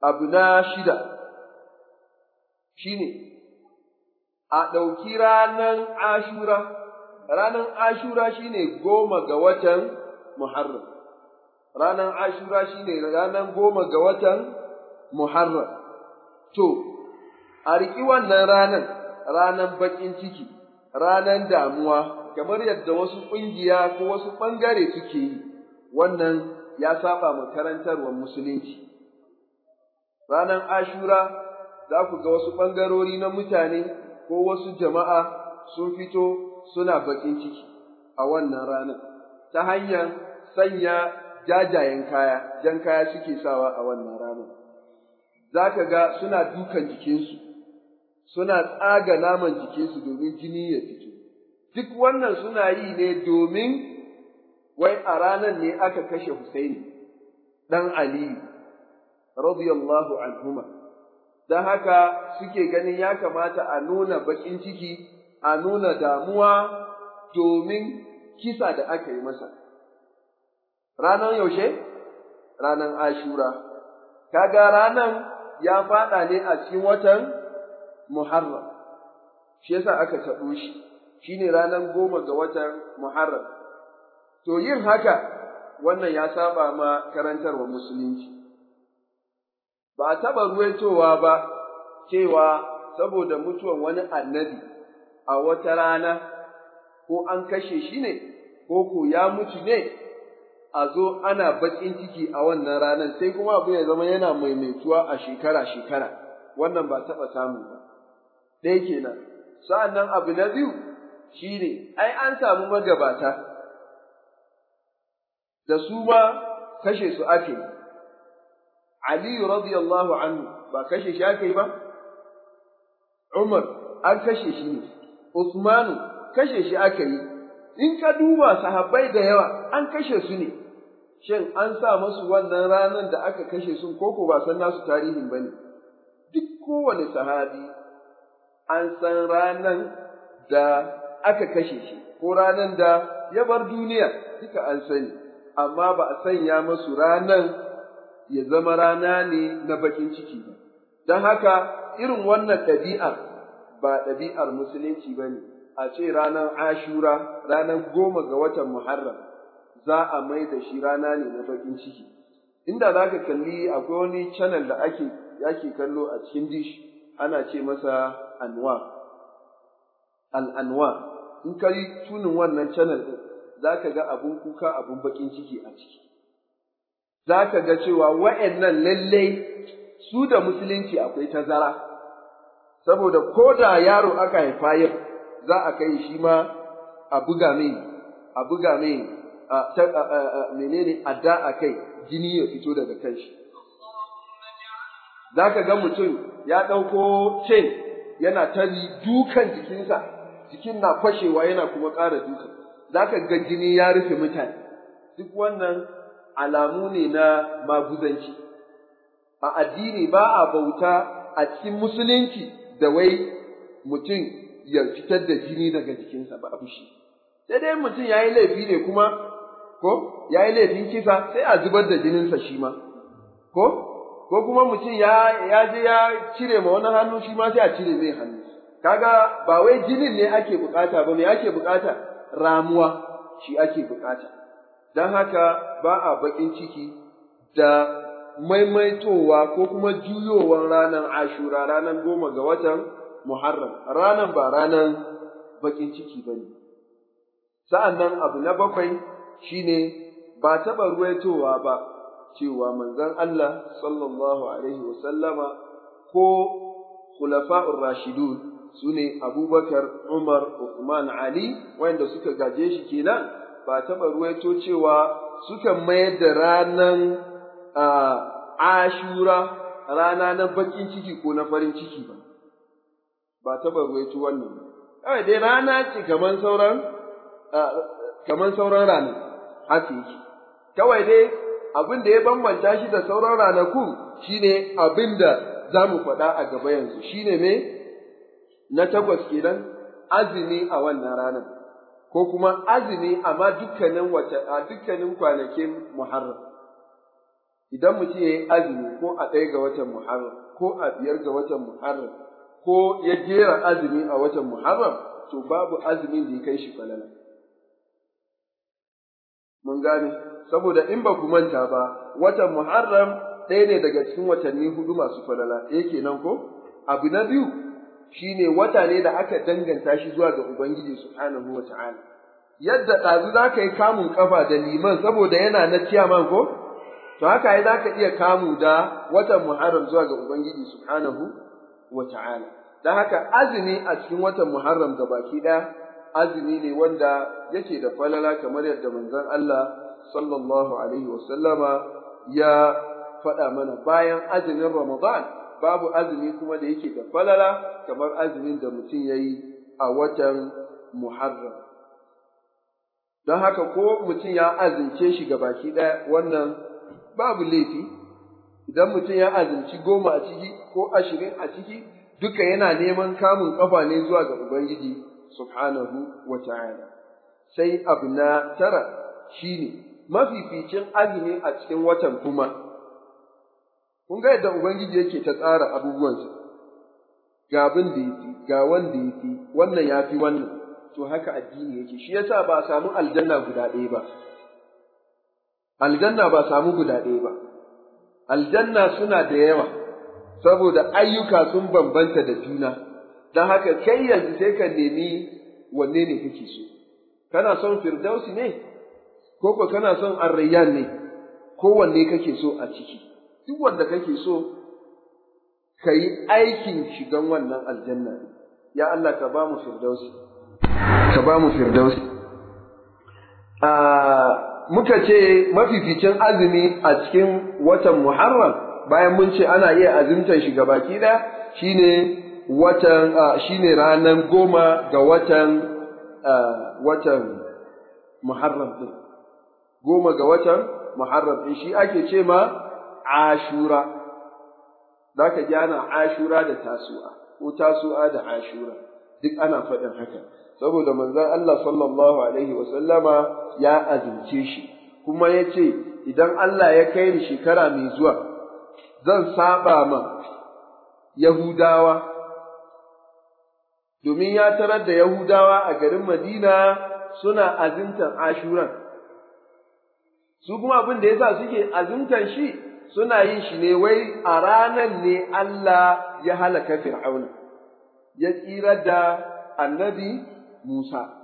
abu na shida shine, a ɗauki ranar ashura, ranar ashura shine goma ga watan Muharram, ranar ashura shine ranar goma ga watan Muharram. To, a riƙi wannan ranar, ranar baƙin ciki, ranar damuwa, kamar yadda wasu ƙungiya ko wasu ɓangare suke yi, wannan ya saba makarantarwar musulunci. Ranan ashura za ku ga wasu ɓangarori na mutane ko wasu jama'a sun fito suna baƙin ciki a wannan ranar ta hanyar sanya jajayen kaya, jan kaya suke sawa a wannan ranar. Za ka ga suna dukan jikinsu, suna tsaga naman jikinsu domin jini ya fito. Duk wannan suna yi ne domin wai a ranar ne aka kashe Husaini, ɗan Aliyu. radiyallahu anhuma don haka suke ganin ya kamata a nuna bakin ciki a nuna damuwa domin kisa da aka yi masa ranar yaushe ranar ashura kaga ranan ya faɗa ne a cikin watan muharram shi yasa aka taɓo shi shine ranar goma ga watan muharram to yin haka wannan ya saba ma karantarwa musulunci ba a taɓa ruwaitowa ba cewa saboda mutuwan wani annabi a wata rana ko an kashe shi ne ko ko ya mutu ne a zo ana baƙin ciki a wannan ranar sai kuma abu ya zama yana maimaituwa a shekara-shekara wannan ba taɓa samu ba ɗaya kenan abu na biyu shi ne ai an samu magabata da su ma kashe su ake Aliyu radiyallahu anhu ba kashe shi aka ba? Umar an kashe shi ne, Usmanu kashe shi aka yi, in ka duba sahabbai da yawa an kashe su ne, shin an sa masu wannan ranar da aka kashe sun koko ba san nasu tarihin ba ne, duk kowane sahabi an san ranar da aka kashe shi, ko ranar da ya bar duniya duka an sani, amma ba a sanya masu ranar ya zama rana ne na bakin ciki ba. Don haka irin wannan ɗabi'ar ba ɗabi'ar musulunci ba ne, a ce ranar ashura, ranar goma ga watan Muharram, za a mai da shi rana ne na bakin ciki. Inda za ka kalli akwai wani canal da ake yake kallo a cikin dish ana ce masa anwa, al'anwa, in ka yi tunin wannan canal ɗin, za ka ga abin kuka abin bakin ciki a ciki. za ka ga cewa wa'yannan lallai su da musulunci akwai tazara, saboda ko da yaro aka haifa yau za a kai shi ma a buga mai, a buga mai, menene adda a kai jini ya fito daga kan shi. Za ka ga mutum ya ɗauko cin yana ta dukan jikinsa, jikin na fashewa yana kuma ƙara dukan, za ka ga jini ya rufe mutane, duk wannan alamu ne na maguzanci. A addini ba a bauta a cikin musulunci da wai mutum ya fitar da jini daga jikinsa ba fushi. Sai dai mutum ya yi laifi ne kuma, ko ya yi laifin kisa sai a zubar da jininsa shi ma, ko? Ko kuma mutum ya je ya cire ma wani hannu shi ma sai a cire mai hannu. Kaga ba wai jinin ne ake bukata ba, me ake bukata? Ramuwa shi ake bukata. don haka ba a baƙin ciki da maimaitowa ko kuma juyowar ranar ashura ranar goma ga watan Muharram, ranar ba ranar baƙin ciki ba ne. Sa'an abu na bakwai shine ba taɓa ruwaitowa ba cewa manzon Allah sallallahu Alaihi wasallama ko khulafa'ur rashidun sune ne Abubakar, Umar, Uthman, Ali, wanda suka gaje shi kenan. ba ta ruwaito cewa sukan mayar da ranan ashura rana na bakin ciki ko na farin ciki ba, ba ta ruwaito wannan ba. Kawai dai rana ce kaman sauran kaman sauran rana, haka yake. Kawai dai abin da ya bambanta shi da sauran ranakun, shine abin da za mu faɗa a gaba yanzu, shine me na takwas kenan azumi a wannan ranar. ko kuma azumi amma dukkanin a dukkanin kwanakin Muharram. Idan mutum ya yi azumi ko a ɗaya ga watan Muharram, ko a biyar ga watan Muharram, ko ya jera azumi a watan Muharram, to babu azumin da ya kai shi falala. Mun gane, saboda in ba ku manta ba, watan Muharram ɗaya ne daga cikin watanni hudu masu falala, yake nan ko? Abu na biyu, shine wata ne da aka danganta shi zuwa ga Ubangiji subhanahu wa ta'ala. Yadda ɗazu za ka yi kamun ƙafa da liman saboda yana na ciyaman ko? To haka yi za ka iya kamu da watan Muharram zuwa ga Ubangiji subhanahu wa ta'ala. Don haka azumi a cikin watan Muharram da baki ɗaya azumi ne wanda yake da falala kamar yadda manzon Allah sallallahu alaihi wa sallama ya faɗa mana bayan azumin Ramadan babu azumi kuma da yake da falala kamar azumin da mutum ya yi a watan Muharram. Don haka ko mutum ya azince shi ga baki ɗaya wannan babu laifi, idan mutum ya azumci goma a ciki ko ashirin a ciki duka yana neman kamun ƙafa ne zuwa ga Ubangiji subhanahu wa ta'ala. Sai abu na tara shine ne mafificin azumi a cikin watan kuma. Kun ga yadda Ubangiji yake ta tsara abubuwansa, ga abin da ya fi, ga wanda ya fi, wannan ya fi wannan, to haka addini yake, shi yasa ba a samu aljanna guda ɗaya ba. Aljanna ba samu guda ɗaya ba, aljanna suna da yawa, saboda ayyuka sun bambanta da juna, don haka kai yanzu sai ka nemi wanne ne kake so. Kana son firdausi ne, ko kana son arrayyan ne, kowanne kake so a ciki. duk wanda kake so ka yi aikin shigan wannan aljanna ya Allah ka ba mu firdausi ka ba mu firdausi muka ce mafificin azumi a cikin watan Muharram bayan mun ce ana iya azumtar shi gabaki ɗaya shine watan shine ranar goma ga watan watan Muharram ɗin goma ga watan Muharram ɗin shi ake ce ma ashura za ka ji ashura da tasu'a ko tasu'a da ashura duk ana faɗin haka saboda manzon Allah sallallahu alaihi wa sallama ya azumce shi kuma ya ce idan Allah ya kai ni shekara mai zuwa zan saba ma Yahudawa domin ya tarar da Yahudawa a garin Madina suna azumtan ashuran su kuma abin da yasa suke azumtan shi suna yin shi ne wai a ranar ne Allah ya halaka Fir'auna, ya tsira da annabi Musa.